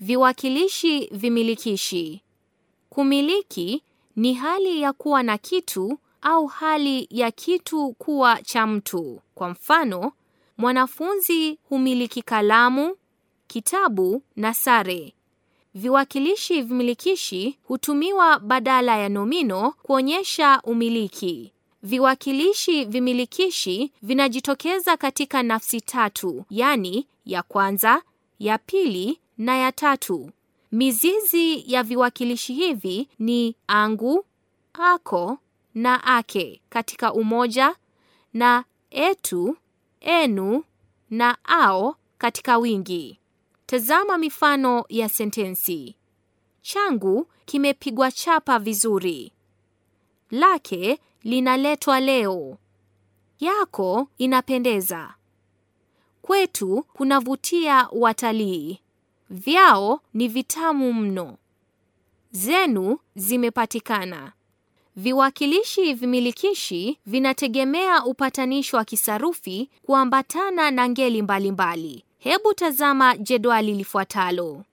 Viwakilishi vimilikishi. Kumiliki ni hali ya kuwa na kitu au hali ya kitu kuwa cha mtu. Kwa mfano, mwanafunzi humiliki kalamu, kitabu na sare. Viwakilishi vimilikishi hutumiwa badala ya nomino kuonyesha umiliki. Viwakilishi vimilikishi vinajitokeza katika nafsi tatu, yaani ya kwanza, ya pili na ya tatu. Mizizi ya viwakilishi hivi ni angu, ako na ake katika umoja na etu, enu na ao katika wingi. Tazama mifano ya sentensi: changu kimepigwa chapa vizuri, lake linaletwa leo, yako inapendeza, kwetu kunavutia watalii. Vyao ni vitamu mno. Zenu zimepatikana. Viwakilishi vimilikishi vinategemea upatanishi wa kisarufi kuambatana na ngeli mbalimbali. Hebu tazama jedwali lifuatalo.